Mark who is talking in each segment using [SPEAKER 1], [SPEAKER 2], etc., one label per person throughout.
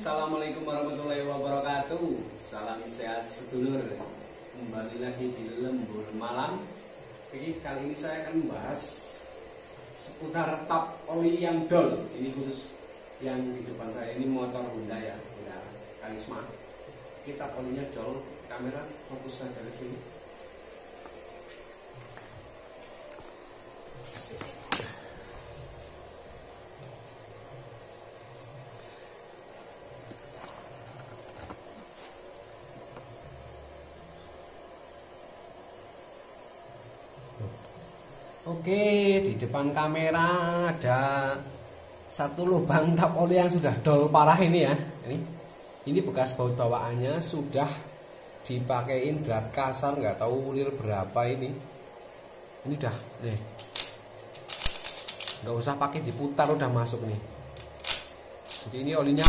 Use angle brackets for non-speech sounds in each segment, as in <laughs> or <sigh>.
[SPEAKER 1] Assalamualaikum warahmatullahi wabarakatuh Salam sehat sedulur Kembali lagi di lembur malam Oke, Kali ini saya akan membahas Seputar tap oli yang dol Ini khusus yang di depan saya Ini motor Honda ya Honda Karisma Kita olinya dol Kamera fokus saja di sini Oke, di depan kamera ada satu lubang <laughs> tap oli yang sudah dol parah ini ya. Ini ini bekas baut bawaannya sudah dipakein drat kasar nggak tahu ulir berapa ini. Ini udah nih. Nggak usah pakai diputar udah masuk nih. Jadi ini olinya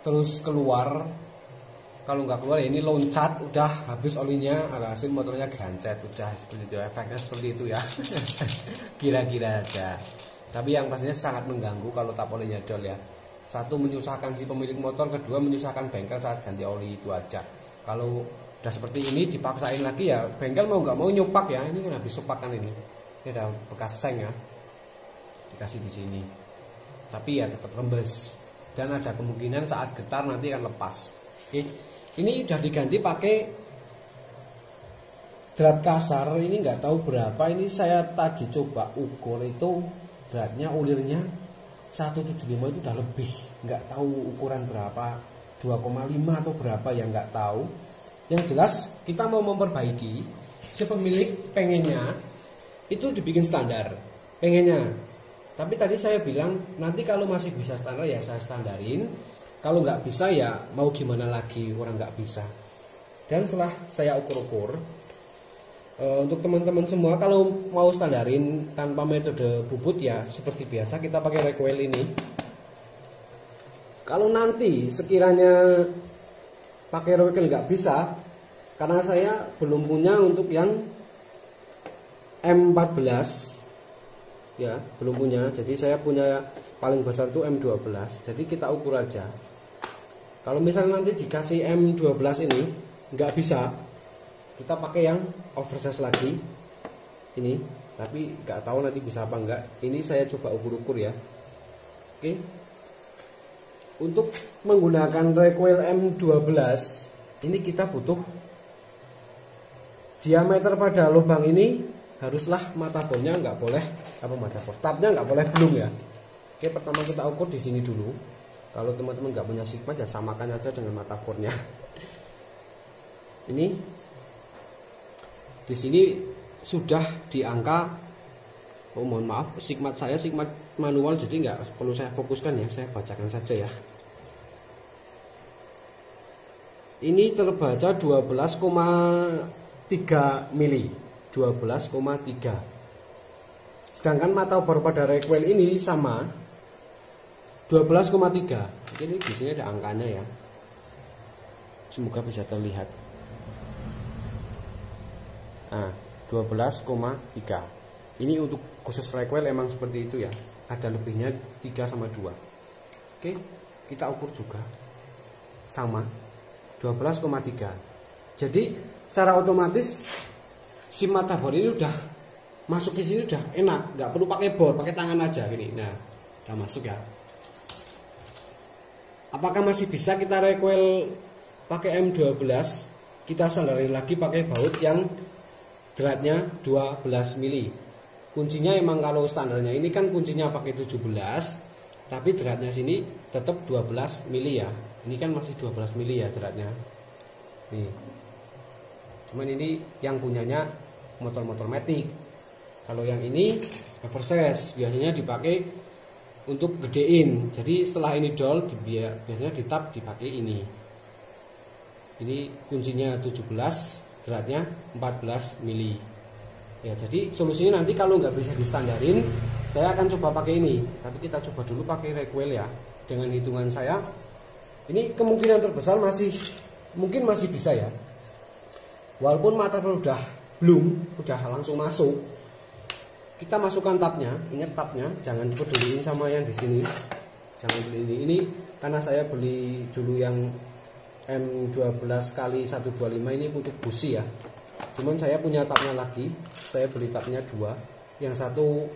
[SPEAKER 1] terus keluar kalau nggak keluar ya ini loncat udah habis olinya alhasil motornya gancet udah seperti itu efeknya seperti itu ya <laughs> kira-kira aja tapi yang pastinya sangat mengganggu kalau tap olinya dol ya satu menyusahkan si pemilik motor kedua menyusahkan bengkel saat ganti oli itu aja kalau udah seperti ini dipaksain lagi ya bengkel mau nggak mau nyupak ya ini kan habis supakan ini ini ada bekas seng ya dikasih di sini tapi ya tetap rembes dan ada kemungkinan saat getar nanti akan lepas oke okay? ini sudah diganti pakai drat kasar ini nggak tahu berapa ini saya tadi coba ukur itu dratnya ulirnya 175 itu udah lebih nggak tahu ukuran berapa 2,5 atau berapa yang nggak tahu yang jelas kita mau memperbaiki si pemilik pengennya itu dibikin standar pengennya tapi tadi saya bilang nanti kalau masih bisa standar ya saya standarin kalau nggak bisa ya mau gimana lagi orang nggak bisa dan setelah saya ukur-ukur e, untuk teman-teman semua kalau mau standarin tanpa metode bubut ya seperti biasa kita pakai recoil ini kalau nanti sekiranya pakai recoil nggak bisa karena saya belum punya untuk yang M14 ya belum punya jadi saya punya paling besar itu M12 jadi kita ukur aja kalau misalnya nanti dikasih M12 ini nggak bisa kita pakai yang oversize lagi ini tapi nggak tahu nanti bisa apa nggak. ini saya coba ukur-ukur ya oke untuk menggunakan recoil M12 ini kita butuh diameter pada lubang ini haruslah mata bolnya nggak boleh apa mata portabnya nggak boleh belum ya oke pertama kita ukur di sini dulu kalau teman-teman nggak punya sigma ya samakan aja dengan mata kornya ini di sini sudah di angka oh mohon maaf sigma saya sigma manual jadi nggak perlu saya fokuskan ya saya bacakan saja ya ini terbaca 12,3 mili 12,3 sedangkan mata obor pada requel ini sama 12,3 ini di sini ada angkanya ya semoga bisa terlihat nah 12,3 ini untuk khusus frekuel emang seperti itu ya ada lebihnya 3 sama 2 oke kita ukur juga sama 12,3 jadi secara otomatis si mata bor ini udah masuk di sini udah enak nggak perlu pakai bor pakai tangan aja gini nah udah masuk ya apakah masih bisa kita recoil pakai M12 kita sandarin lagi pakai baut yang dratnya 12 mili kuncinya emang kalau standarnya ini kan kuncinya pakai 17 tapi dratnya sini tetap 12 mili ya ini kan masih 12 mili ya dratnya nih cuman ini yang punyanya motor-motor matic kalau yang ini reverse biasanya dipakai untuk gedein jadi setelah ini dol biasanya di dipakai ini ini kuncinya 17 beratnya 14 mili ya jadi solusinya nanti kalau nggak bisa distandarin saya akan coba pakai ini tapi kita coba dulu pakai requel ya dengan hitungan saya ini kemungkinan terbesar masih mungkin masih bisa ya walaupun mata udah belum udah langsung masuk kita masukkan tapnya ingat tapnya jangan peduliin sama yang di sini jangan beli ini ini karena saya beli dulu yang M12 kali 125 ini untuk busi ya cuman saya punya tapnya lagi saya beli tapnya dua yang satu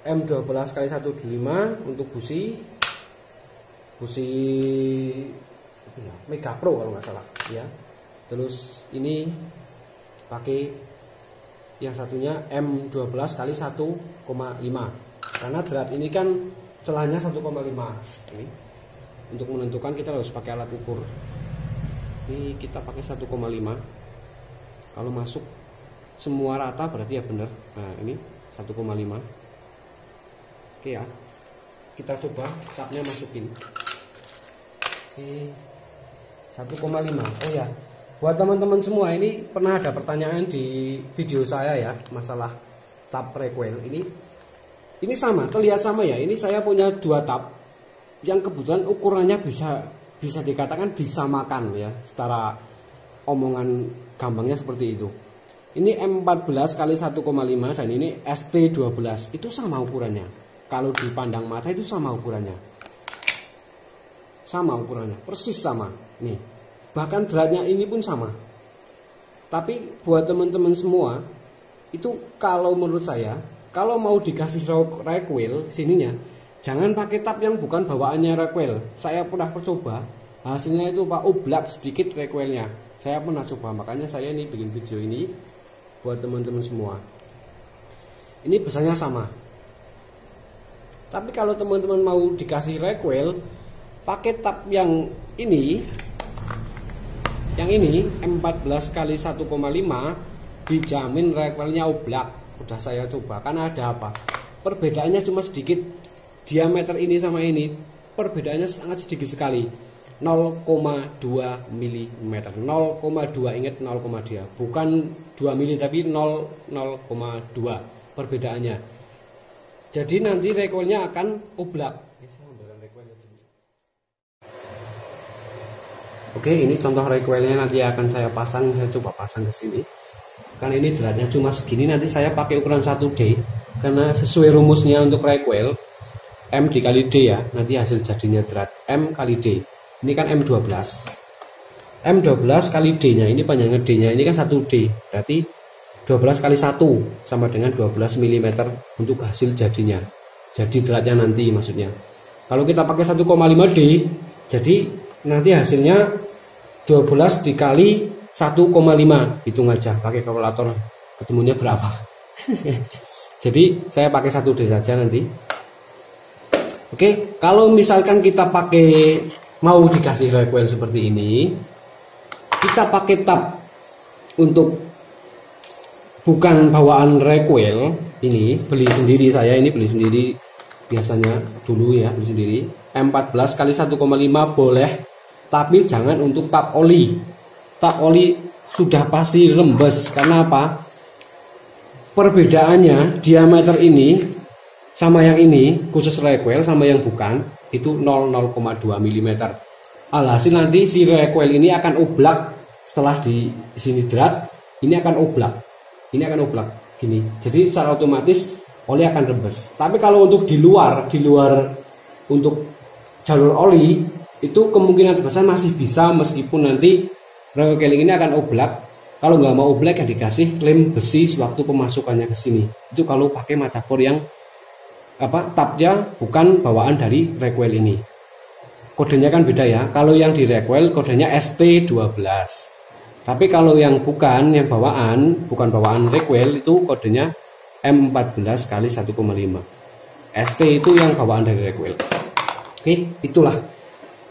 [SPEAKER 1] M12 kali 125 untuk busi busi ya? Mega Pro kalau nggak salah ya terus ini pakai yang satunya M12 kali 1,5 karena berat ini kan celahnya 1,5 ini untuk menentukan kita harus pakai alat ukur ini kita pakai 1,5 kalau masuk semua rata berarti ya benar nah ini 1,5 oke ya kita coba capnya masukin oke 1,5 oh ya Buat teman-teman semua ini pernah ada pertanyaan di video saya ya masalah tab prequel ini. Ini sama, terlihat sama ya. Ini saya punya dua tab yang kebetulan ukurannya bisa bisa dikatakan disamakan ya secara omongan gampangnya seperti itu. Ini M14 kali 1,5 dan ini ST12 itu sama ukurannya. Kalau dipandang mata itu sama ukurannya. Sama ukurannya, persis sama. Nih, bahkan beratnya ini pun sama tapi buat teman-teman semua itu kalau menurut saya kalau mau dikasih recoil sininya jangan pakai tab yang bukan bawaannya recoil saya pernah percoba hasilnya itu pak oblak sedikit recoilnya saya pernah coba makanya saya ini bikin video ini buat teman-teman semua ini besarnya sama tapi kalau teman-teman mau dikasih recoil pakai tab yang ini yang ini 14 kali 1,5 dijamin recoilnya oblak. Udah saya coba karena ada apa? Perbedaannya cuma sedikit. Diameter ini sama ini perbedaannya sangat sedikit sekali. 0,2 mm. 0,2 ingat 0,2. Bukan 2 mm tapi 0,2 perbedaannya. Jadi nanti recoilnya akan oblak. Oke, ini contoh requelnya nanti akan saya pasang, saya coba pasang ke sini. Kan ini dratnya cuma segini, nanti saya pakai ukuran 1D. Karena sesuai rumusnya untuk requel M dikali D ya, nanti hasil jadinya drat M kali D. Ini kan M12. M12 kali D-nya, ini panjangnya D-nya, ini kan 1D. Berarti 12 kali 1 sama dengan 12 mm untuk hasil jadinya. Jadi dratnya nanti maksudnya. Kalau kita pakai 1,5D, jadi nanti hasilnya 12 dikali 1,5 hitung aja pakai kalkulator ketemunya berapa <laughs> jadi saya pakai satu D saja nanti oke kalau misalkan kita pakai mau dikasih requel seperti ini kita pakai tab untuk bukan bawaan requel ini beli sendiri saya ini beli sendiri biasanya dulu ya beli sendiri M14 kali 1,5 boleh tapi jangan untuk tap oli tap oli sudah pasti lembes karena apa perbedaannya diameter ini sama yang ini khusus recoil sama yang bukan itu 0,2 mm alhasil nanti si recoil ini akan oblak setelah di sini drat ini akan oblak ini akan oblak gini jadi secara otomatis oli akan rembes tapi kalau untuk di luar di luar untuk jalur oli itu kemungkinan besar masih bisa meskipun nanti rekeling ini akan oblak kalau nggak mau oblak ya dikasih lem besi sewaktu pemasukannya ke sini itu kalau pakai mata bor yang apa tapnya bukan bawaan dari requel ini kodenya kan beda ya kalau yang di requel kodenya ST12 tapi kalau yang bukan yang bawaan bukan bawaan requel itu kodenya M14 kali 1,5 ST itu yang bawaan dari requel oke itulah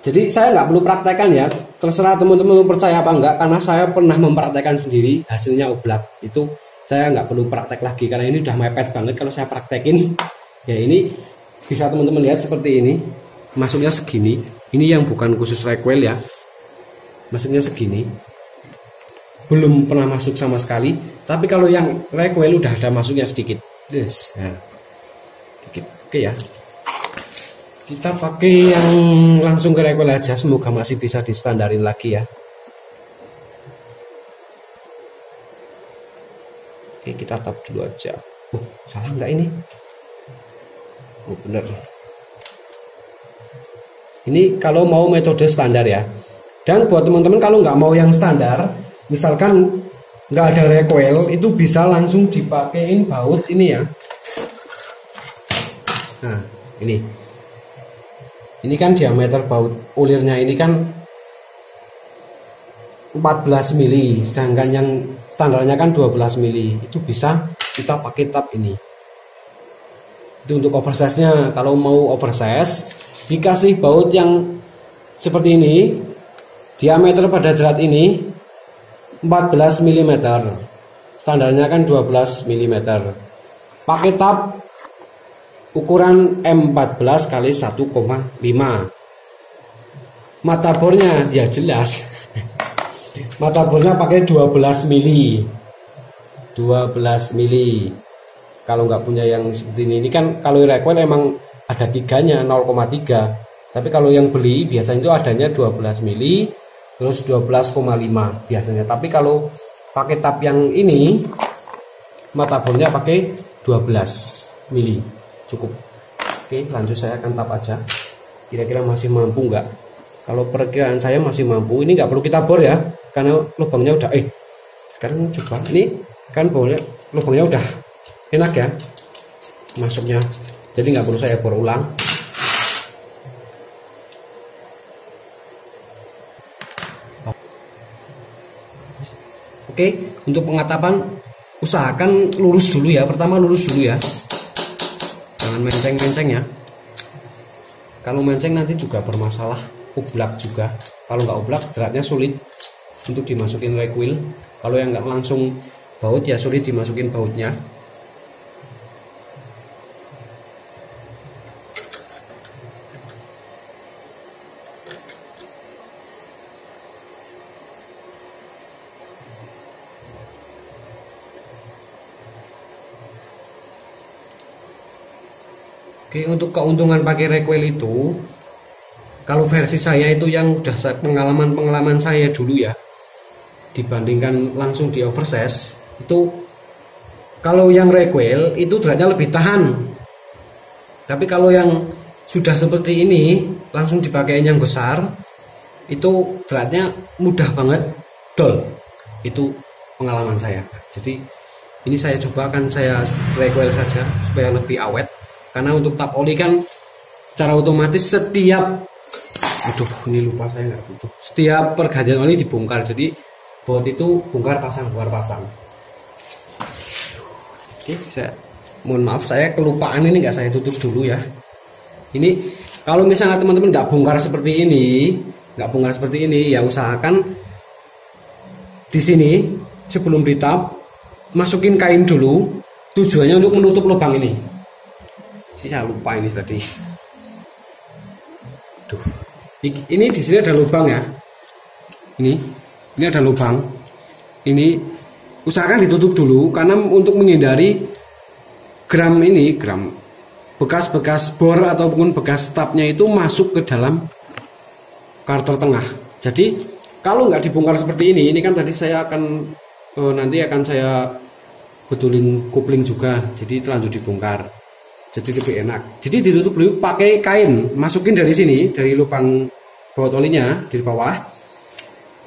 [SPEAKER 1] jadi saya nggak perlu praktekan ya, terserah teman-teman percaya apa enggak, karena saya pernah mempraktekan sendiri, hasilnya oblak. Itu saya nggak perlu praktek lagi, karena ini udah mepet banget kalau saya praktekin. Ya ini bisa teman-teman lihat seperti ini, masuknya segini. Ini yang bukan khusus requel ya, masuknya segini. Belum pernah masuk sama sekali, tapi kalau yang requel udah ada masuknya sedikit. Yes. ya nah, sedikit. Oke ya. Kita pakai yang langsung ke recoil aja, semoga masih bisa distandarin lagi ya. Oke, kita tap dulu aja. oh, salah nggak ini? Oh, bener. Ini kalau mau metode standar ya. Dan buat teman-teman kalau nggak mau yang standar, misalkan nggak ada recoil, itu bisa langsung dipakein baut ini ya. Nah, ini ini kan diameter baut ulirnya ini kan 14 mili sedangkan yang standarnya kan 12 mili itu bisa kita pakai tab ini itu untuk oversize nya kalau mau oversize dikasih baut yang seperti ini diameter pada drat ini 14 mm standarnya kan 12 mm pakai tab ukuran M14 kali 1,5 mata bornya ya jelas <laughs> mata bornya pakai 12 mili 12 mili kalau nggak punya yang seperti ini ini kan kalau recoil emang ada tiganya 0,3 tapi kalau yang beli biasanya itu adanya 12 mili terus 12,5 biasanya tapi kalau pakai tap yang ini mata bornya pakai 12 mili cukup oke lanjut saya akan tap aja kira-kira masih mampu nggak kalau perkiraan saya masih mampu ini nggak perlu kita bor ya karena lubangnya udah eh sekarang coba ini kan boleh lubangnya udah enak ya masuknya jadi nggak perlu saya bor ulang Oke, untuk pengatapan usahakan lurus dulu ya. Pertama lurus dulu ya jangan menceng-menceng ya kalau menceng nanti juga bermasalah oblak juga kalau nggak oblak beratnya sulit untuk dimasukin recoil kalau yang nggak langsung baut ya sulit dimasukin bautnya Oke, untuk keuntungan pakai requel itu kalau versi saya itu yang udah pengalaman-pengalaman saya dulu ya dibandingkan langsung di oversize itu kalau yang requel itu dratnya lebih tahan tapi kalau yang sudah seperti ini langsung dipakai yang besar itu dratnya mudah banget dol itu pengalaman saya jadi ini saya coba akan saya requel saja supaya lebih awet karena untuk tap oli kan secara otomatis setiap aduh ini lupa saya nggak butuh setiap pergantian oli dibongkar jadi bot itu bongkar pasang bongkar pasang oke saya mohon maaf saya kelupaan ini nggak saya tutup dulu ya ini kalau misalnya teman-teman nggak bongkar seperti ini nggak bongkar seperti ini ya usahakan di sini sebelum ditap masukin kain dulu tujuannya untuk menutup lubang ini tadi saya lupa ini tadi Duh. ini di sini ada lubang ya ini ini ada lubang ini usahakan ditutup dulu karena untuk menghindari gram ini gram bekas-bekas bor ataupun bekas tapnya itu masuk ke dalam karter tengah jadi kalau nggak dibongkar seperti ini ini kan tadi saya akan eh, nanti akan saya betulin kopling juga jadi terlanjur dibongkar jadi lebih enak jadi ditutup dulu pakai kain masukin dari sini dari lubang bawah tolinya di bawah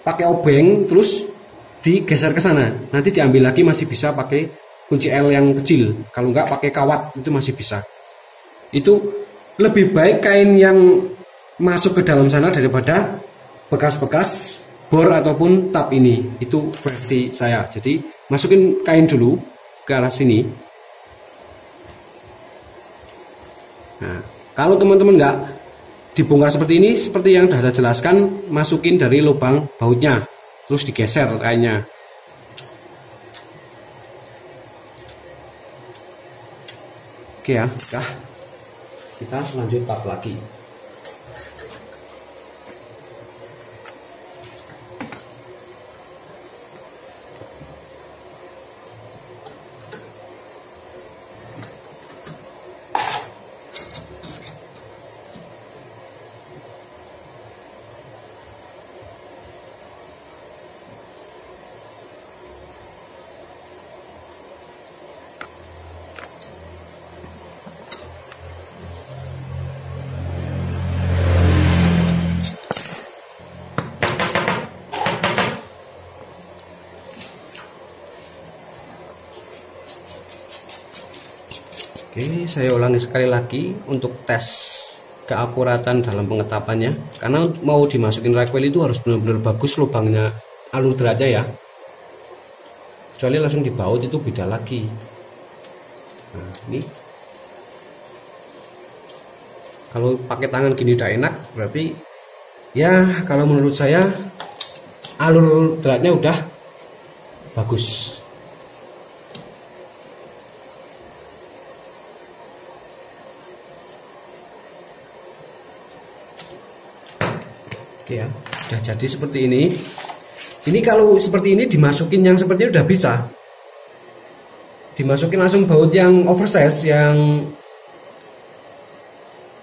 [SPEAKER 1] pakai obeng terus digeser ke sana nanti diambil lagi masih bisa pakai kunci L yang kecil kalau nggak pakai kawat itu masih bisa itu lebih baik kain yang masuk ke dalam sana daripada bekas-bekas bor ataupun tap ini itu versi saya jadi masukin kain dulu ke arah sini Nah, kalau teman-teman nggak dibongkar seperti ini, seperti yang sudah saya jelaskan, masukin dari lubang bautnya, terus digeser kayaknya. Oke ya, kita lanjut tap lagi. saya ulangi sekali lagi untuk tes keakuratan dalam pengetapannya. Karena mau dimasukin recoil itu harus benar-benar bagus lubangnya alur derajatnya ya. Kecuali langsung dibaut itu beda lagi. Nah, ini kalau pakai tangan gini udah enak, berarti ya kalau menurut saya alur derajatnya udah bagus ya sudah jadi seperti ini ini kalau seperti ini dimasukin yang seperti ini udah bisa dimasukin langsung baut yang oversize yang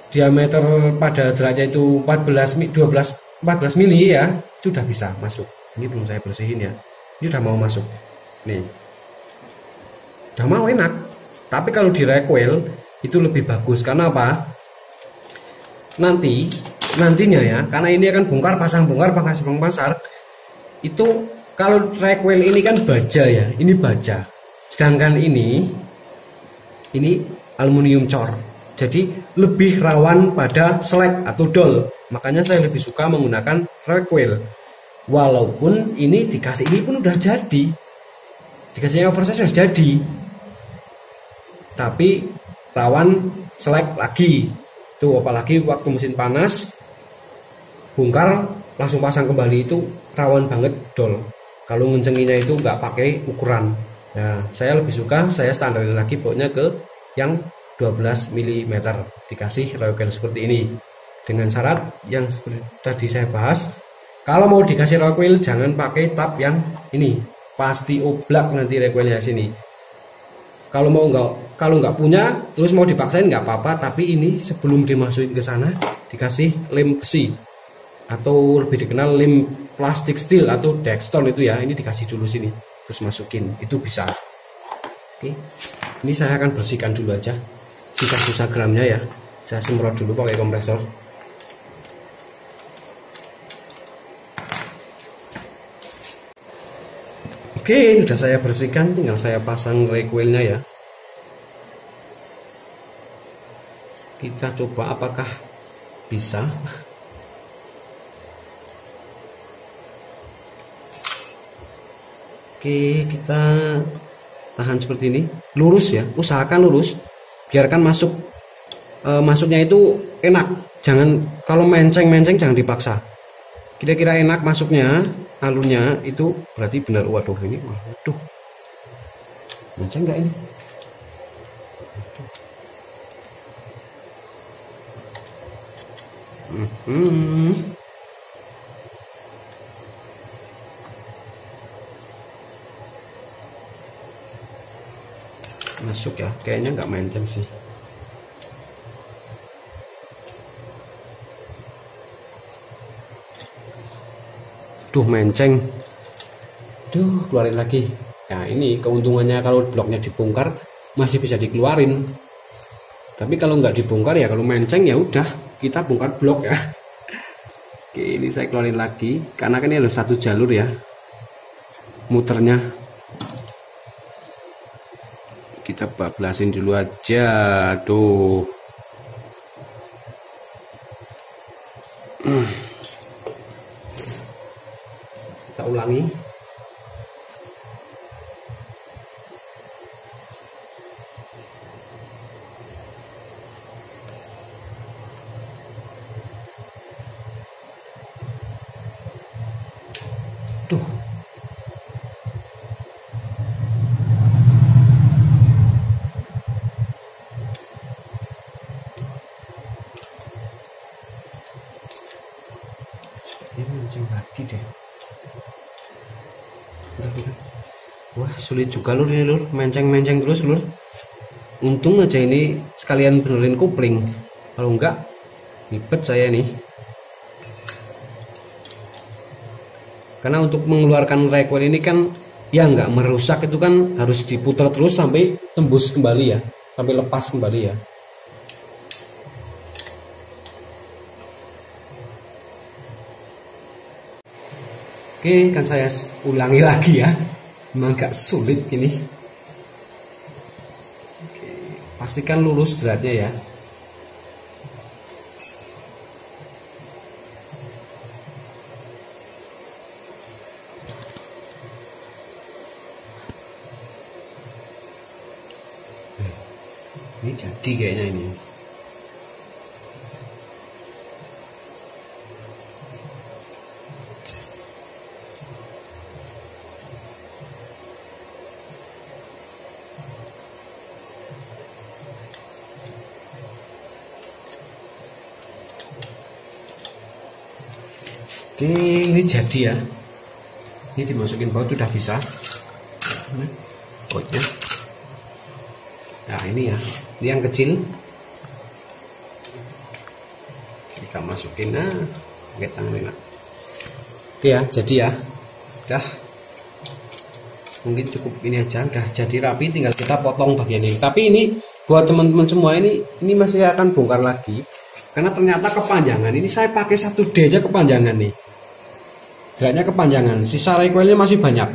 [SPEAKER 1] diameter pada derajat itu 14 12 14 mili ya itu udah bisa masuk ini belum saya bersihin ya ini udah mau masuk nih udah mau enak tapi kalau di recoil itu lebih bagus karena apa nanti nantinya ya karena ini akan bongkar pasang bongkar pangkas pasar itu kalau wheel ini kan baja ya ini baja sedangkan ini ini aluminium cor jadi lebih rawan pada selek atau dol makanya saya lebih suka menggunakan wheel. walaupun ini dikasih ini pun udah jadi dikasihnya oversize sudah jadi tapi rawan selek lagi tuh apalagi waktu musim panas bongkar langsung pasang kembali itu rawan banget dol kalau ngencenginya itu nggak pakai ukuran nah saya lebih suka saya standar lagi pokoknya ke yang 12 mm dikasih royal seperti ini dengan syarat yang seperti tadi saya bahas kalau mau dikasih recoil jangan pakai tab yang ini pasti oblak nanti recoilnya sini kalau mau nggak kalau nggak punya terus mau dipaksain nggak apa-apa tapi ini sebelum dimasukin ke sana dikasih lem besi atau lebih dikenal lem plastik steel atau dextol itu ya ini dikasih dulu sini terus masukin itu bisa oke ini saya akan bersihkan dulu aja sisa-sisa gramnya ya saya semprot dulu pakai kompresor oke ini sudah saya bersihkan tinggal saya pasang recoilnya ya kita coba apakah bisa Oke, kita tahan seperti ini lurus ya usahakan lurus biarkan masuk e, masuknya itu enak jangan kalau menceng-menceng jangan dipaksa kira-kira enak masuknya alurnya itu berarti benar waduh ini waduh menceng enggak ini hmm masuk ya kayaknya nggak menceng sih tuh menceng tuh keluarin lagi nah ini keuntungannya kalau bloknya dibongkar masih bisa dikeluarin tapi kalau nggak dibongkar ya kalau menceng ya udah kita bongkar blok ya Oke, ini saya keluarin lagi karena kan ini ada satu jalur ya muternya kita bablasin dulu aja. tuh sulit juga lur ini lur menceng-menceng terus lur untung aja ini sekalian benerin kopling kalau enggak ribet saya nih karena untuk mengeluarkan rekor ini kan ya enggak merusak itu kan harus diputar terus sampai tembus kembali ya sampai lepas kembali ya Oke, kan saya ulangi lagi ya memang gak sulit ini pastikan lurus derajatnya ya hmm, ini jadi kayaknya ini oke ini jadi ya ini dimasukin baut sudah bisa bautnya nah ini ya ini yang kecil kita masukin nah tangan enak oke ya jadi ya udah mungkin cukup ini aja udah jadi rapi tinggal kita potong bagian ini tapi ini buat teman-teman semua ini ini masih akan bongkar lagi karena ternyata kepanjangan ini saya pakai satu d aja kepanjangan nih draknya kepanjangan sisa recoilnya masih banyak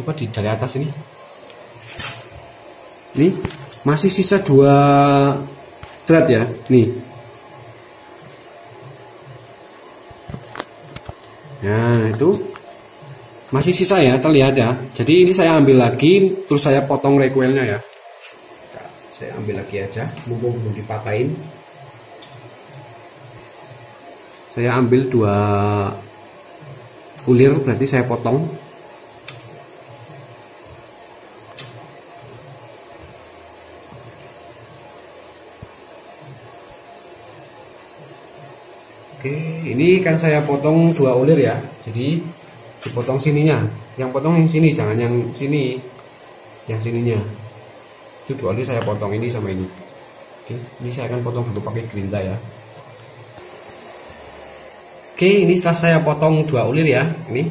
[SPEAKER 1] coba di dari atas ini ini masih sisa dua drat ya nih nah itu masih sisa ya terlihat ya jadi ini saya ambil lagi terus saya potong recoilnya ya nah, saya ambil lagi aja mumpung belum dipatahin saya ambil dua Ulir berarti saya potong Oke, ini kan saya potong dua ulir ya. Jadi dipotong sininya. Yang potong yang sini, jangan yang sini. Yang sininya. Itu dua ulir saya potong ini sama ini. Oke, ini saya akan potong dulu pakai gerinda ya. Oke ini setelah saya potong dua ulir ya ini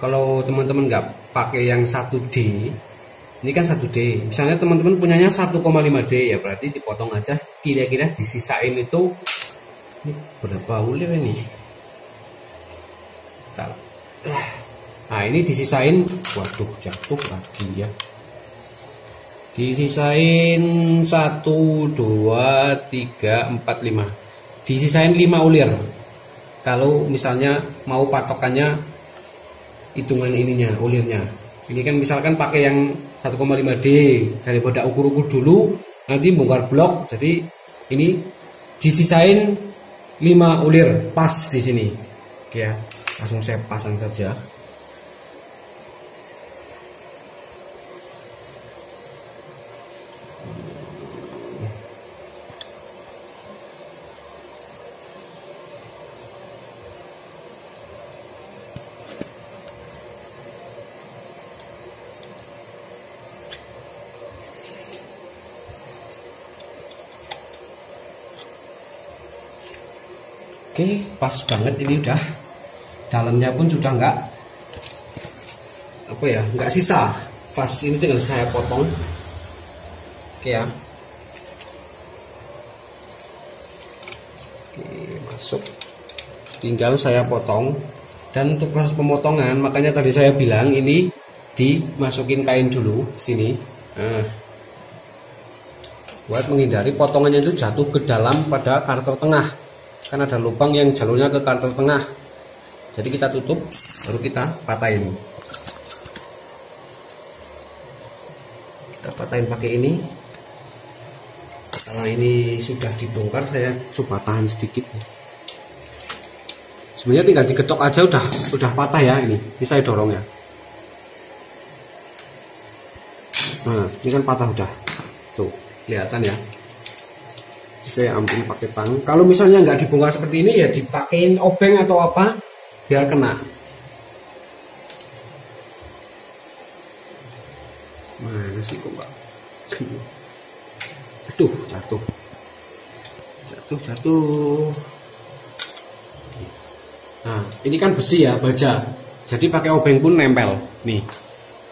[SPEAKER 1] kalau teman-teman nggak pakai yang 1D ini kan 1D misalnya teman-teman punyanya 1,5D ya berarti dipotong aja kira-kira disisain itu ini berapa ulir ini nah ini disisain waduh jatuh lagi ya disisain 1 2 3 4 5 disisain 5 ulir kalau misalnya mau patokannya hitungan ininya ulirnya ini kan misalkan pakai yang 1,5D daripada ukur-ukur dulu nanti bongkar blok jadi ini disisain 5 ulir pas di sini ya langsung saya pasang saja pas banget ini udah dalamnya pun sudah enggak apa ya enggak sisa pas ini tinggal saya potong oke ya oke, masuk tinggal saya potong dan untuk proses pemotongan makanya tadi saya bilang ini dimasukin kain dulu sini nah, buat menghindari potongannya itu jatuh ke dalam pada karakter tengah kan ada lubang yang jalurnya ke kantor tengah jadi kita tutup baru kita patahin kita patahin pakai ini Kalau ini sudah dibongkar saya coba tahan sedikit sebenarnya tinggal digetok aja udah udah patah ya ini ini saya dorong ya nah ini kan patah udah tuh kelihatan ya saya ambil pakai tang kalau misalnya nggak dibongkar seperti ini ya dipakein obeng atau apa biar kena mana sih kok pak <laughs> aduh jatuh jatuh jatuh nah ini kan besi ya baja jadi pakai obeng pun nempel nih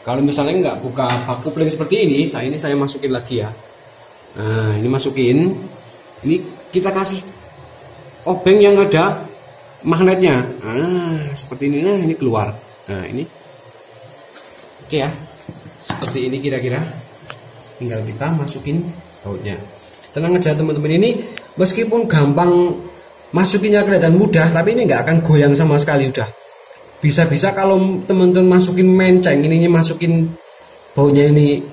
[SPEAKER 1] kalau misalnya nggak buka paku pling seperti ini saya ini saya masukin lagi ya nah ini masukin ini kita kasih obeng yang ada magnetnya ah seperti ini nah ini keluar nah ini oke ya seperti ini kira-kira tinggal kita masukin bautnya tenang aja teman-teman ini meskipun gampang masukinnya kelihatan mudah tapi ini nggak akan goyang sama sekali udah bisa-bisa kalau teman-teman masukin menceng ininya masukin baunya ini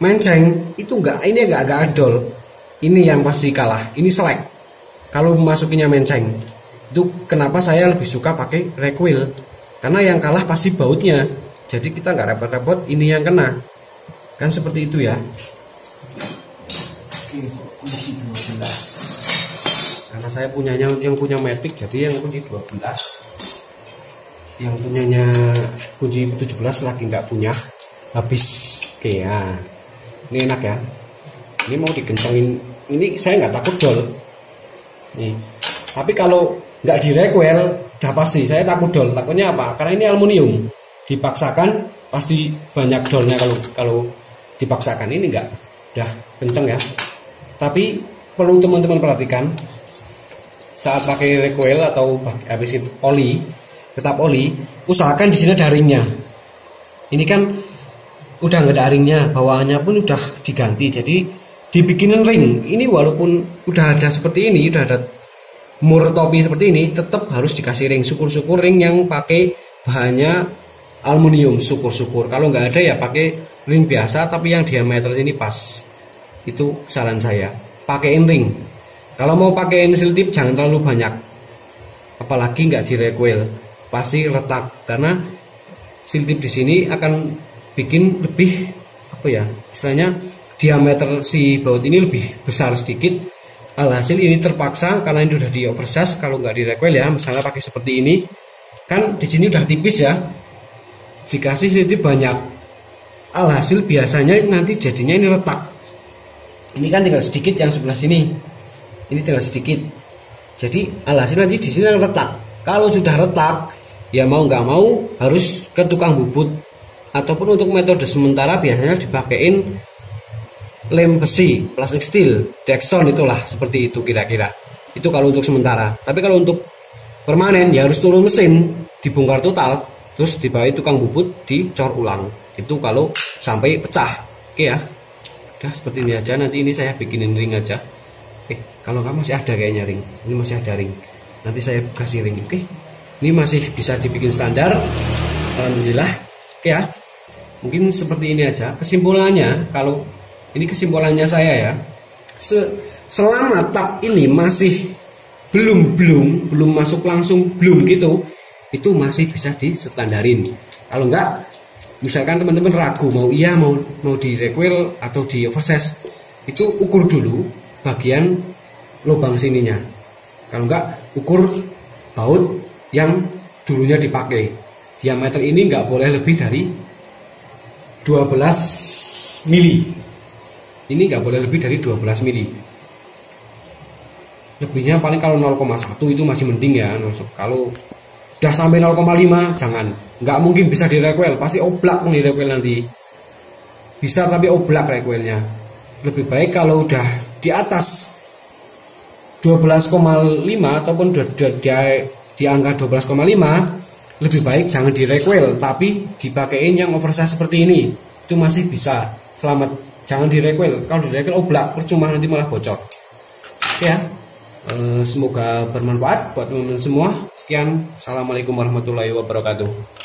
[SPEAKER 1] menceng itu nggak ini enggak agak adol ini yang pasti kalah ini selek kalau masukinya menceng itu kenapa saya lebih suka pakai recoil karena yang kalah pasti bautnya jadi kita nggak repot-repot ini yang kena kan seperti itu ya karena saya punyanya yang punya Matic jadi yang kunci 12 yang punyanya kunci 17 lagi nggak punya habis oke ya ini enak ya ini mau digentengin ini saya nggak takut dol nih tapi kalau nggak direkuel udah pasti saya takut dol takutnya apa karena ini aluminium dipaksakan pasti banyak dolnya kalau kalau dipaksakan ini nggak udah kenceng ya tapi perlu teman-teman perhatikan saat pakai recoil atau habis itu oli tetap oli usahakan di sini ada ringnya ini kan udah nggak ada ringnya bawaannya pun udah diganti jadi dibikinin ring ini walaupun udah ada seperti ini udah ada mur topi seperti ini tetap harus dikasih ring syukur-syukur ring yang pakai bahannya aluminium syukur-syukur kalau nggak ada ya pakai ring biasa tapi yang diameter ini pas itu saran saya pakaiin ring kalau mau pakaiin seal tip jangan terlalu banyak apalagi nggak di pasti retak karena seal tip di sini akan bikin lebih apa ya istilahnya diameter si baut ini lebih besar sedikit alhasil ini terpaksa karena ini sudah di oversize kalau nggak di recoil ya misalnya pakai seperti ini kan di sini udah tipis ya dikasih sedikit banyak alhasil biasanya nanti jadinya ini retak ini kan tinggal sedikit yang sebelah sini ini tinggal sedikit jadi alhasil nanti di sini retak kalau sudah retak ya mau nggak mau harus ke tukang bubut ataupun untuk metode sementara biasanya dipakein lem besi, plastik steel, Dexton itulah seperti itu kira-kira. Itu kalau untuk sementara. Tapi kalau untuk permanen ya harus turun mesin, dibongkar total, terus dibawa tukang bubut dicor ulang. Itu kalau sampai pecah. Oke ya. Udah seperti ini aja nanti ini saya bikinin ring aja. Eh, kalau kamu masih ada kayaknya ring. Ini masih ada ring. Nanti saya kasih ring, oke? Ini masih bisa dibikin standar. Alhamdulillah. Oke ya mungkin seperti ini aja kesimpulannya kalau ini kesimpulannya saya ya. Se selama tab ini masih belum belum belum masuk langsung belum gitu, itu masih bisa disetandarin. Kalau enggak, misalkan teman-teman ragu mau iya mau mau di requel atau di overses, itu ukur dulu bagian lubang sininya. Kalau enggak, ukur baut yang dulunya dipakai. Diameter ini enggak boleh lebih dari 12 mili ini nggak boleh lebih dari 12 mili lebihnya paling kalau 0,1 itu masih mending ya kalau udah sampai 0,5 jangan nggak mungkin bisa direkuel pasti oblak nih rekuel nanti bisa tapi oblak rekuelnya lebih baik kalau udah di atas 12,5 ataupun di, di angka 12,5 lebih baik jangan direkuel tapi dipakein yang oversize seperti ini itu masih bisa selamat jangan direkwel kalau direkwel oblak oh, percuma nanti malah bocor ya e, semoga bermanfaat buat teman-teman semua sekian assalamualaikum warahmatullahi wabarakatuh